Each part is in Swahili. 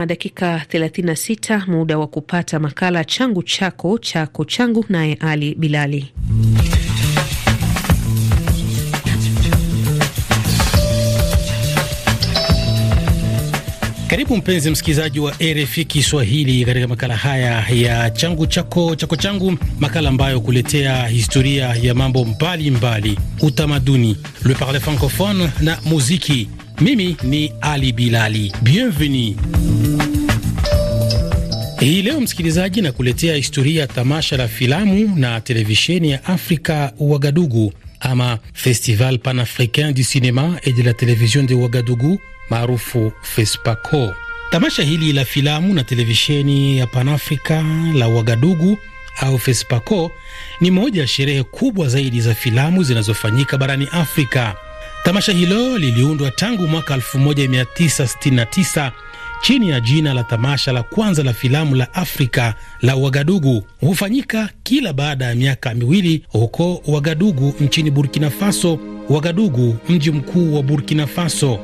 Madakika 36 muda wa kupata makala changu chako chako changu, naye Ali Bilali. Karibu mpenzi msikilizaji wa RFI Kiswahili katika makala haya ya changu chako chako changu, makala ambayo kuletea historia ya mambo mbalimbali, utamaduni, le parle francophone na muziki mimi ni Ali Bilali, bienvenue. Hii leo msikilizaji, na kuletea historia ya tamasha la filamu na televisheni ya Afrika Ouagadougou, ama Festival Panafricain du Cinéma et de la television de Ouagadougou maarufu FESPACO. Tamasha hili la filamu na televisheni ya Panafrika la Ouagadougou au FESPACO ni moja ya sherehe kubwa zaidi za filamu zinazofanyika barani Afrika. Tamasha hilo liliundwa tangu mwaka 1969 chini ya jina la tamasha la kwanza la filamu la Afrika la Wagadugu. Hufanyika kila baada ya miaka miwili huko Wagadugu nchini Burkina Faso, Wagadugu mji mkuu wa Burkina Faso.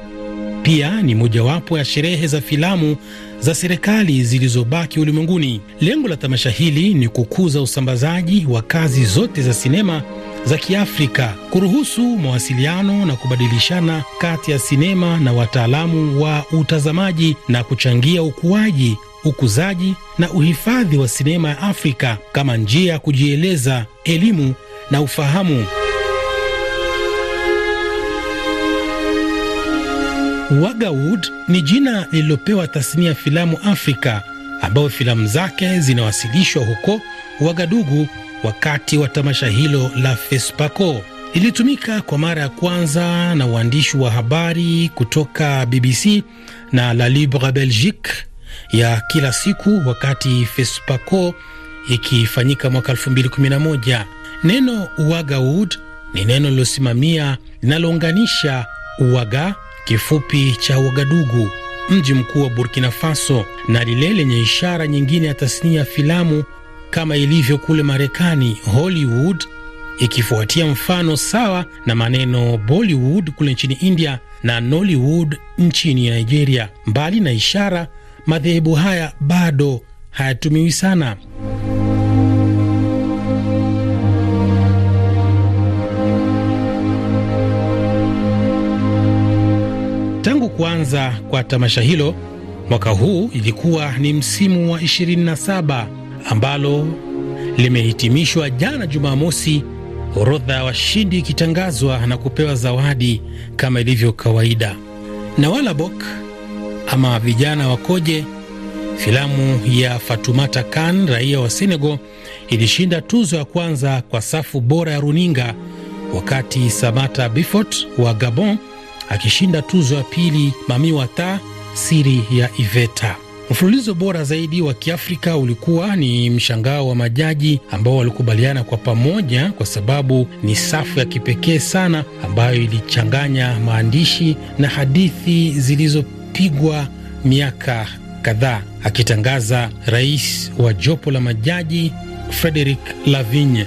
Pia ni mojawapo ya sherehe za filamu za serikali zilizobaki ulimwenguni. Lengo la tamasha hili ni kukuza usambazaji wa kazi zote za sinema za Kiafrika kuruhusu mawasiliano na kubadilishana kati ya sinema na wataalamu wa utazamaji na kuchangia ukuaji, ukuzaji na uhifadhi wa sinema ya Afrika kama njia ya kujieleza, elimu na ufahamu. Wagawood ni jina lililopewa tasnia ya filamu Afrika ambayo filamu zake zinawasilishwa huko Wagadugu wakati wa tamasha hilo la FESPACO. Ilitumika kwa mara ya kwanza na waandishi wa habari kutoka BBC na La Libre Belgique ya kila siku, wakati FESPACO ikifanyika mwaka 2011. Neno uagawood ni neno lilosimamia linalounganisha Uaga, kifupi cha Uagadugu, mji mkuu wa Burkina Faso, na lile lenye ishara nyingine ya tasnia ya filamu kama ilivyo kule Marekani Hollywood, ikifuatia mfano sawa na maneno Bollywood kule nchini India na Nollywood nchini Nigeria. Mbali na ishara, madhehebu haya bado hayatumiwi sana. Tangu kuanza kwa tamasha hilo mwaka huu, ilikuwa ni msimu wa 27 ambalo limehitimishwa jana Jumamosi, orodha ya washindi ikitangazwa na kupewa zawadi kama ilivyo kawaida. Na Walabok ama vijana wakoje, filamu ya Fatumata Kan, raia wa Senegal, ilishinda tuzo ya kwanza kwa safu bora ya runinga, wakati Samata Bifot wa Gabon akishinda tuzo ya pili, Mami Wata, siri ya Iveta. Mfululizo bora zaidi wa Kiafrika ulikuwa ni mshangao wa majaji ambao walikubaliana kwa pamoja, kwa sababu ni safu ya kipekee sana ambayo ilichanganya maandishi na hadithi zilizopigwa miaka kadhaa. Akitangaza rais wa jopo la majaji Frederic Lavigne.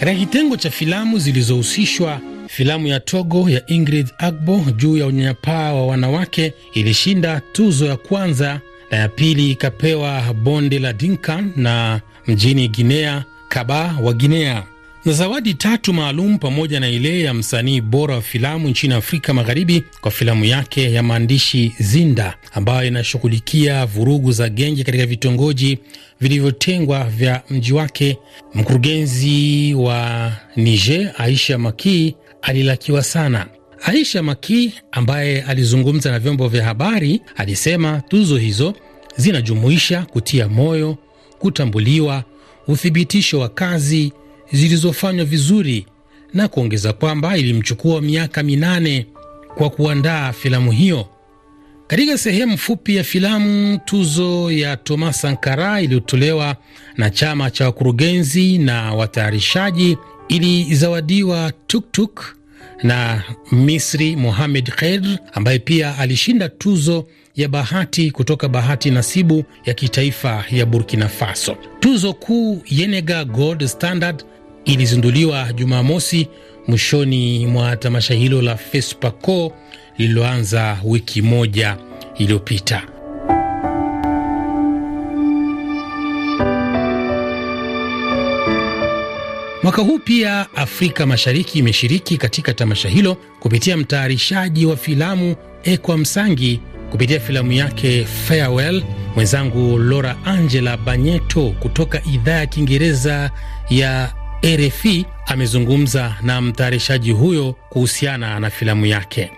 Katika kitengo cha filamu zilizohusishwa, filamu ya Togo ya Ingrid Agbo juu ya unyanyapaa wa wanawake ilishinda tuzo ya kwanza na eh, ya pili ikapewa bonde la Dinkan na mjini Guinea Kaba wa Guinea, na zawadi tatu maalum pamoja na ile ya msanii bora wa filamu nchini Afrika Magharibi kwa filamu yake ya maandishi Zinda ambayo inashughulikia vurugu za genge katika vitongoji vilivyotengwa vya mji wake. Mkurugenzi wa Niger Aisha Maki alilakiwa sana Aisha Maki ambaye alizungumza na vyombo vya habari alisema tuzo hizo zinajumuisha kutia moyo, kutambuliwa, uthibitisho wa kazi zilizofanywa vizuri na kuongeza kwamba ilimchukua miaka minane kwa kuandaa filamu hiyo. Katika sehemu fupi ya filamu, tuzo ya Thomas Sankara iliyotolewa na chama cha wakurugenzi na watayarishaji ilizawadiwa tuktuk na Misri Mohamed khedr ambaye pia alishinda tuzo ya bahati kutoka bahati nasibu ya kitaifa ya Burkina Faso. Tuzo kuu Yenega Gold Standard ilizinduliwa Jumamosi mwishoni mwa tamasha hilo la FESPACO lililoanza wiki moja iliyopita. Mwaka huu pia Afrika Mashariki imeshiriki katika tamasha hilo kupitia mtayarishaji wa filamu Ekwa Msangi kupitia filamu yake Farewell. Mwenzangu Laura Angela Banyeto kutoka idhaa ya Kiingereza ya RFI amezungumza na mtayarishaji huyo kuhusiana na filamu yake.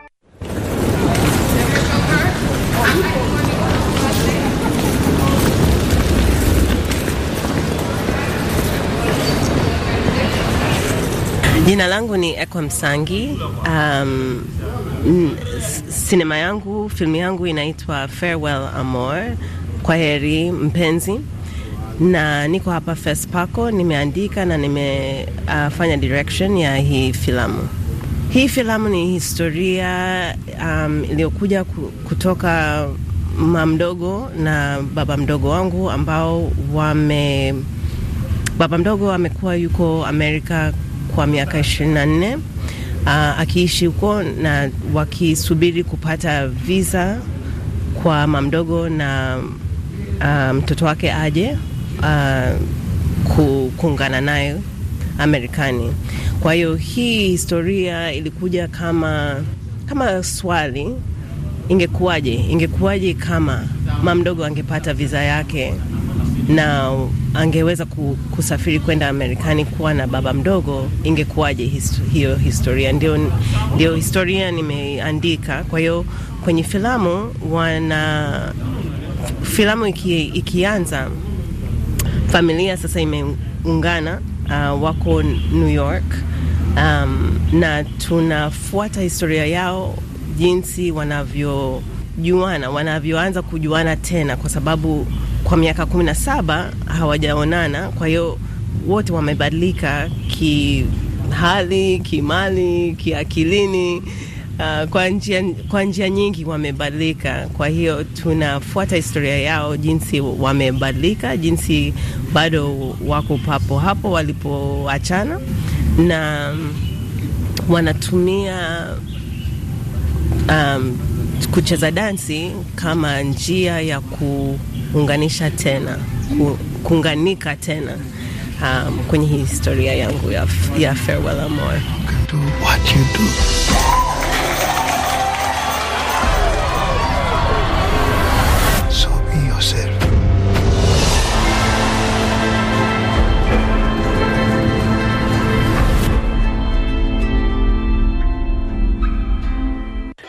Jina langu ni Ekwa Msangi. Um, sinema yangu, filmu yangu inaitwa Farewell Amor, kwa heri mpenzi, na niko hapa paco nimeandika na nimefanya uh, direction ya hii filamu. Hii filamu ni historia um, iliyokuja kutoka mama mdogo na baba mdogo wangu ambao wame baba mdogo amekuwa yuko Amerika kwa miaka 24 ah, akiishi huko na wakisubiri kupata visa kwa mamdogo na ah, mtoto wake aje uh, kuungana naye Amerikani. Kwa hiyo hii historia ilikuja kama kama swali, ingekuwaje ingekuwaje kama mamdogo angepata visa yake na angeweza kusafiri kwenda Amerikani kuwa na baba mdogo, ingekuwaje histo, hiyo historia? Ndio, ndio historia nimeandika. Kwa hiyo kwenye filamu wana filamu iki, ikianza familia sasa imeungana uh, wako New York um, na tunafuata historia yao jinsi wanavyojuana wanavyoanza kujuana tena, kwa sababu kwa miaka kumi na saba hawajaonana, kwa hiyo wote wamebadilika kihali, kimali, kiakilini. Uh, kwa njia, kwa njia nyingi wamebadilika. Kwa hiyo tunafuata historia yao, jinsi wamebadilika, jinsi bado wako papo hapo walipoachana, na wanatumia um, kucheza dansi kama njia ya ku kuunganisha tena ku, kuunganika tena um, kwenye historia yangu ya, ya Farewell Amor.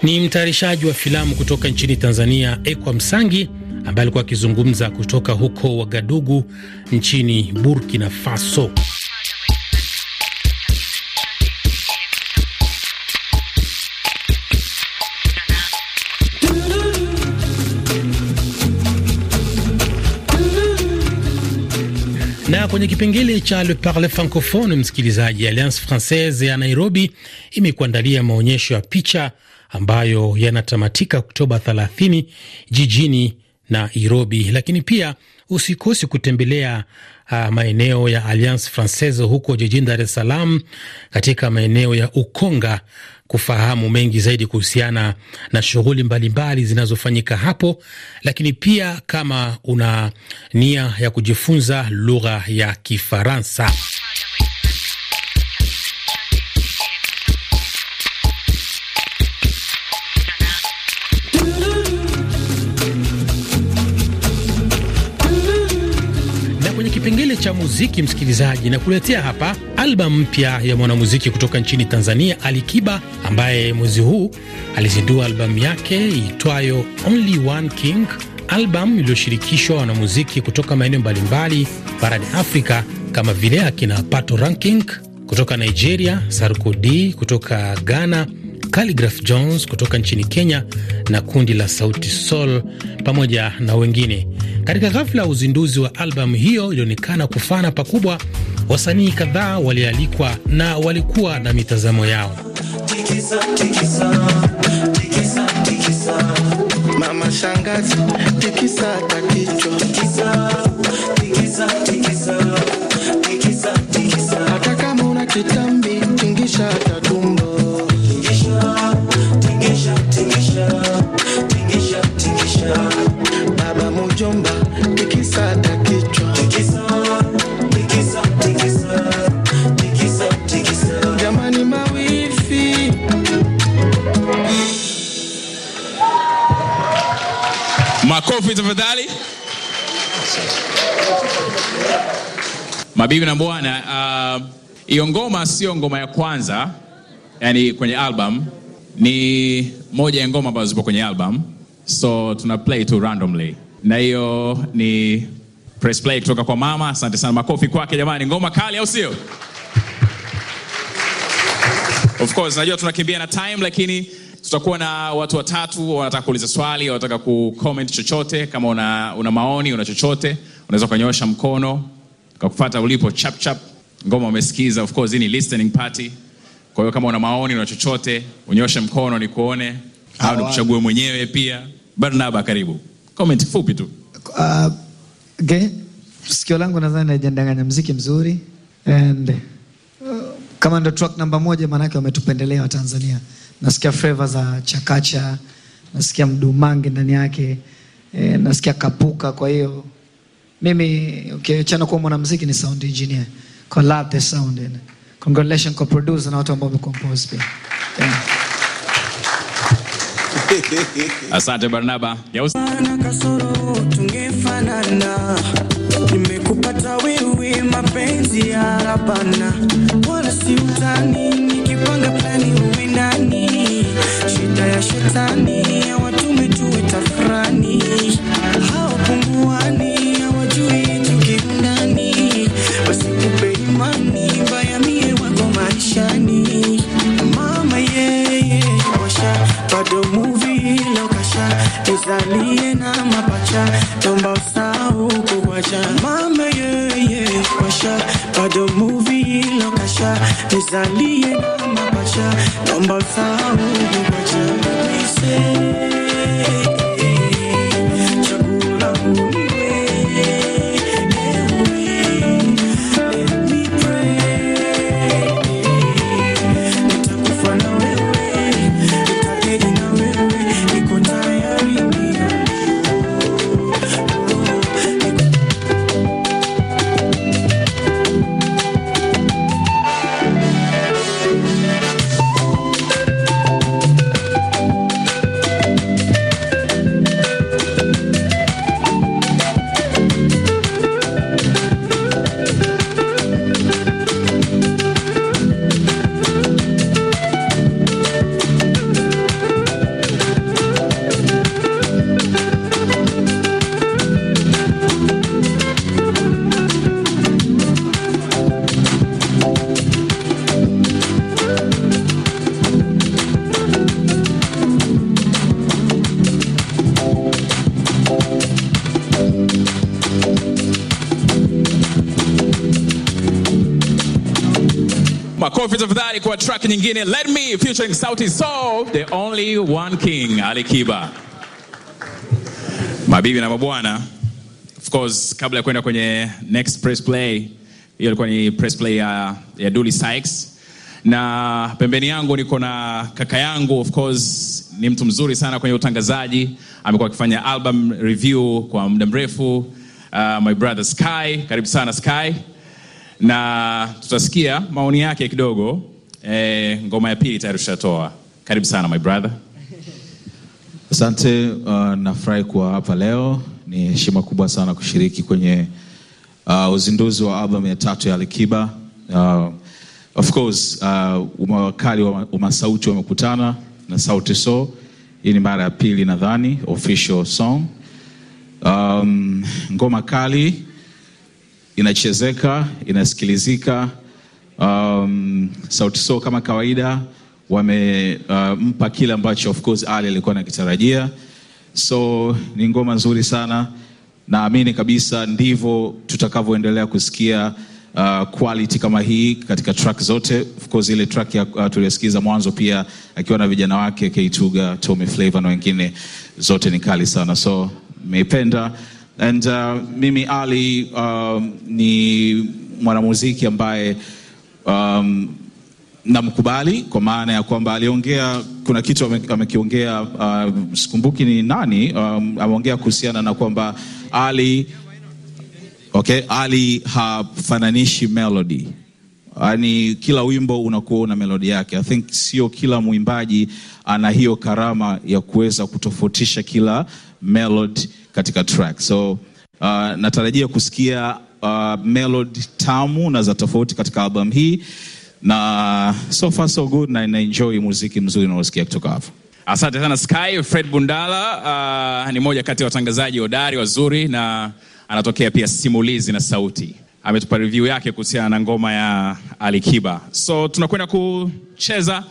Ni mtayarishaji wa filamu kutoka nchini Tanzania, Ekwa Msangi ambaye alikuwa akizungumza kutoka huko Wagadugu nchini Burkina Faso. na kwenye kipengele cha Le Parle Francophone, msikilizaji, Alliance Francaise ya Nairobi imekuandalia maonyesho ya picha ambayo yanatamatika Oktoba 30 jijini Nairobi. Lakini pia usikosi kutembelea uh, maeneo ya Alliance Francaise huko jijini Dar es Salaam katika maeneo ya Ukonga kufahamu mengi zaidi kuhusiana na shughuli mbalimbali zinazofanyika hapo, lakini pia kama una nia ya kujifunza lugha ya Kifaransa. kwenye kipengele cha muziki, msikilizaji, na kuletea hapa albamu mpya ya mwanamuziki kutoka nchini Tanzania, alikiba ambaye mwezi huu alizindua albamu yake iitwayo Only One King, albamu iliyoshirikishwa wanamuziki kutoka maeneo mbalimbali barani Afrika kama vile akina Pato Ranking kutoka Nigeria, Sarkodi kutoka Ghana, Calligraph Jones kutoka nchini Kenya na kundi la Sauti Sol pamoja na wengine. Katika ghafla ya uzinduzi wa albamu hiyo ilionekana kufana pakubwa. Wasanii kadhaa walialikwa na walikuwa na mitazamo yao. tikisa, tikisa, tikisa, tikisa. Mama shangazi, tikisa takicho. Tikisa, tikisa, tikisa, tikisa, tikisa. Hata kama una kitambo Mabibi na bwana, uh, hiyo uh, ngoma sio ngoma ya kwanza yani kwenye album, ni moja ya ngoma ambazo zipo kwenye album, so tuna play tu randomly, na hiyo ni press play kutoka kwa mama. Asante sana, makofi kwake jamani, ngoma kali, au sio? Of course najua tunakimbia na time, lakini tutakuwa na watu watatu wanataka kuuliza swali, wanataka ku chochote. Kama una, una maoni una chochote, unaweza ukanyoosha mkono kwa kupata ulipo chap chap. Ngoma umesikiza, of course ni listening party. Kwa hiyo kama una maoni na chochote, unyoshe mkono nikuone, au nikuchague mwenyewe pia. Barnaba, karibu. Comment fupi tu. Uh, okay. Sikio langu nadhani haijadanganya, mziki mzuri and uh, kama ndo truck namba moja, maanake wametupendelea Watanzania. Nasikia flavor za chakacha, nasikia mdumange ndani yake e, nasikia kapuka, kwa hiyo mimi ukiachana kuwa mwanamziki ni sound engineer. Kwa love the sound and eh. congratulations kwa producer na watu ambao wamecompose pia. Yeah. Asante Barnaba. Nimekupata wewe mapenzi ya rabana. Wala si utani nikipanga plani uwe nani. Shida ya shetani ya watu tusalie na mapacha, tomba usahau kuwacha mama yeye kwasha bado muvi ilo kasha, tusalie na mapacha, tomba usahau kuwacha nisee kwa track nyingine Let Me featuring Sauti Soul, the only one king Ali Kiba. Mabibi na mabwana, of course, kabla ya kwenda kwenye next press play, hiyo ilikuwa ni press play ya, ya Dully Sykes na pembeni yangu niko na kaka yangu, of course ni mtu mzuri sana kwenye utangazaji, amekuwa akifanya album review kwa muda mrefu. Uh, my brother Sky, karibu sana Sky, na tutasikia maoni yake kidogo Eh, ngoma ya pili tayari tushatoa. Karibu sana my brother. Asante. Uh, nafurahi kuwa hapa leo. Ni heshima kubwa sana kushiriki kwenye uh, uzinduzi wa album ya tatu ya Alikiba. Uh, of course uh, umawakali wa umasauti wamekutana na Sauti Sol. Hii ni mara ya pili nadhani official song. Um, ngoma kali inachezeka, inasikilizika um, Sauti Sol kama kawaida wamempa uh, kile ambacho of course Ali alikuwa anakitarajia, so ni ngoma nzuri sana. Naamini kabisa ndivyo tutakavyoendelea kusikia uh, quality kama hii katika track zote. Of course ile track ya uh, tuliyosikiza mwanzo pia akiwa na vijana wake K Keituga, Tommy Flavor na wengine, zote ni kali sana, so meipenda and uh, mimi Ali uh, ni mwanamuziki ambaye um, namkubali kwa maana ya kwamba aliongea, kuna kitu amekiongea, uh, sikumbuki ni nani, um, ameongea kuhusiana na kwamba Ali, okay, Ali hafananishi melody Yaani kila wimbo unakuwa una melodi yake. I think sio kila mwimbaji ana hiyo karama ya kuweza kutofautisha kila melody katika track. So uh, natarajia kusikia uh, melody tamu na za tofauti katika album hii, na so far so good, na inaenjoy muziki mzuri unaosikia kutoka hapo Asante sana Sky Fred Bundala. Uh, ni moja kati ya watangazaji hodari wazuri na anatokea pia simulizi na sauti. Ametupa review yake kuhusiana na ngoma ya Alikiba, so tunakwenda kucheza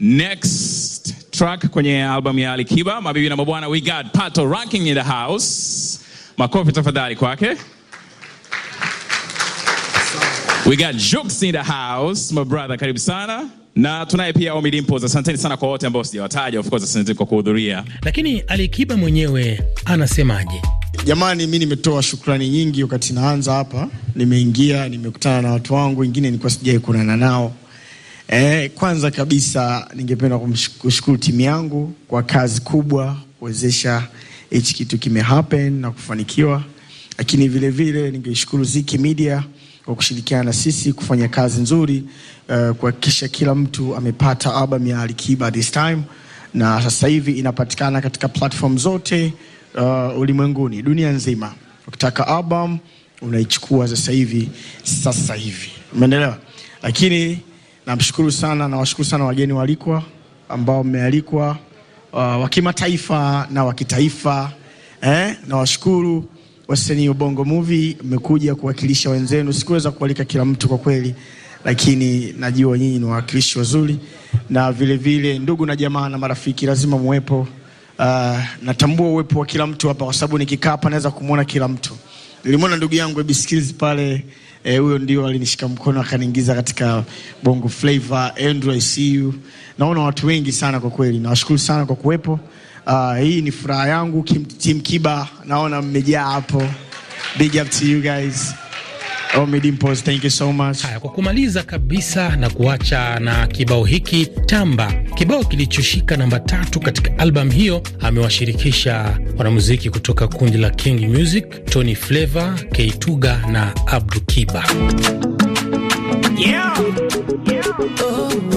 next track kwenye album ya Alikiba. Mabibi na mabwana, we got Pato Ranking in the house. Makofi tafadhali kwake. okay? We got jokes in the house, my brother, karibu sana na tunaye pia Omid Impos. Asanteni sana kwa wote ambao sijawataja, of course, asante kwa kuhudhuria. Lakini Alikiba mwenyewe anasemaje? Jamani, mi nimetoa shukrani nyingi wakati naanza hapa, nimeingia nimekutana na watu wangu, wengine nilikuwa sijai kuonana nao. E, kwanza kabisa ningependa kumshukuru timu yangu kwa kazi kubwa kuwezesha hichi kitu kime happen na kufanikiwa, lakini vilevile ningeshukuru Ziki Media kwa kushirikiana na sisi kufanya kazi nzuri uh, kuhakikisha kila mtu amepata album ya Alikiba this time, na sasa hivi inapatikana katika platform zote uh, ulimwenguni, dunia nzima. Ukitaka album unaichukua sasa hivi, sasa hivi, umeelewa? Lakini namshukuru sana, nawashukuru sana wageni walikwa ambao mmealikwa, uh, wa kimataifa na wa kitaifa eh, nawashukuru wasanii wa Bongo Movie mmekuja kuwakilisha wenzenu. Sikuweza kualika kila mtu kwa kweli, lakini najua nyinyi ni wawakilishi wazuri, na vile vile ndugu na jamaa na marafiki lazima muwepo. Uh, natambua uwepo wa kila mtu hapa kwa sababu nikikaa hapa naweza kumwona kila mtu. Nilimwona ndugu yangu Ebiskills pale eh, huyo e, ndio alinishika mkono akaniingiza katika Bongo Flava. Andrew, I see you. Naona watu wengi sana kwa kweli, nawashukuru sana kwa kuwepo. Uh, hii ni furaha yangu. Team Kiba naona mmejaa hapo. Big up to you guys. Dimples, thank you so much. Haya, kwa kumaliza kabisa na kuacha na kibao hiki Tamba, kibao kilichoshika namba tatu katika albamu hiyo. Amewashirikisha wanamuziki kutoka kundi la King Music, Tony Flavor, Keituga na Abdu Kiba. yeah. Yeah. Oh.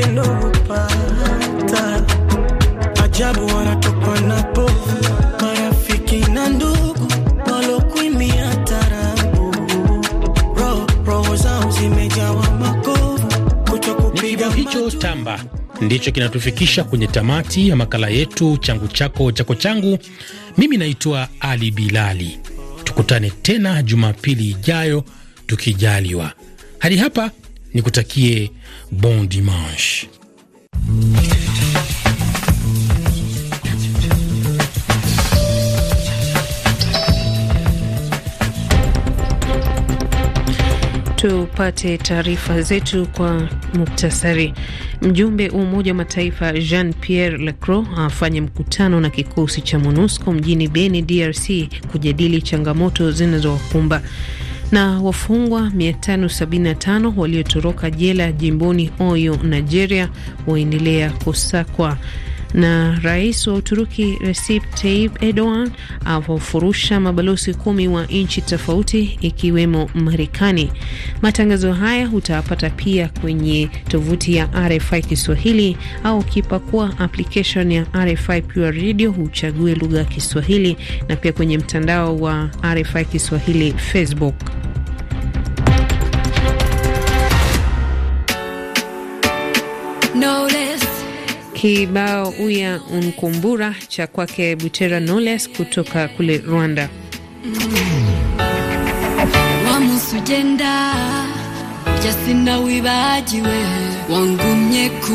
ninachonopata ajabu napo marafiki na ndugu walokuimia tarabu roho zao zimejawa makovu hicho tamba ndicho kinatufikisha kwenye tamati ya makala yetu changu chako chako changu. Mimi naitwa Ali Bilali. Tukutane tena Jumapili ijayo tukijaliwa. Hadi hapa nikutakie bon dimanche. Tupate taarifa zetu kwa muktasari. Mjumbe wa Umoja wa Mataifa Jean Pierre Lacroix afanya mkutano na kikosi cha MONUSCO mjini Beni, DRC, kujadili changamoto zinazowakumba na wafungwa 575 waliotoroka jela jimboni Oyo, Nigeria waendelea kusakwa. Na rais wa Uturuki Recep Tayyip Erdogan awafurusha mabalozi kumi wa nchi tofauti ikiwemo Marekani. Matangazo haya utayapata pia kwenye tovuti ya RFI Kiswahili au kipakua application ya RFI Pure Radio uchague lugha ya Kiswahili na pia kwenye mtandao wa RFI Kiswahili Facebook. No, Kibao uya unkumbura cha kwake Butera noles kutoka kule Rwanda. wamusugenda bya sinawibagiwe wangumye ku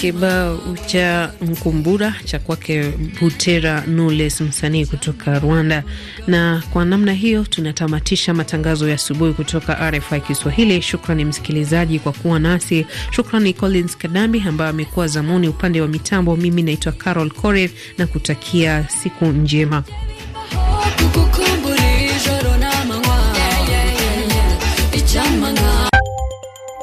Kibao cha Mkumbura cha kwake Butera nules msanii kutoka Rwanda. Na kwa namna hiyo tunatamatisha matangazo ya asubuhi kutoka RFI Kiswahili. Shukrani msikilizaji kwa kuwa nasi. Shukrani Collins Kadambi ambaye amekuwa zamuni upande wa mitambo. Mimi naitwa Carol Corer na kutakia siku njema.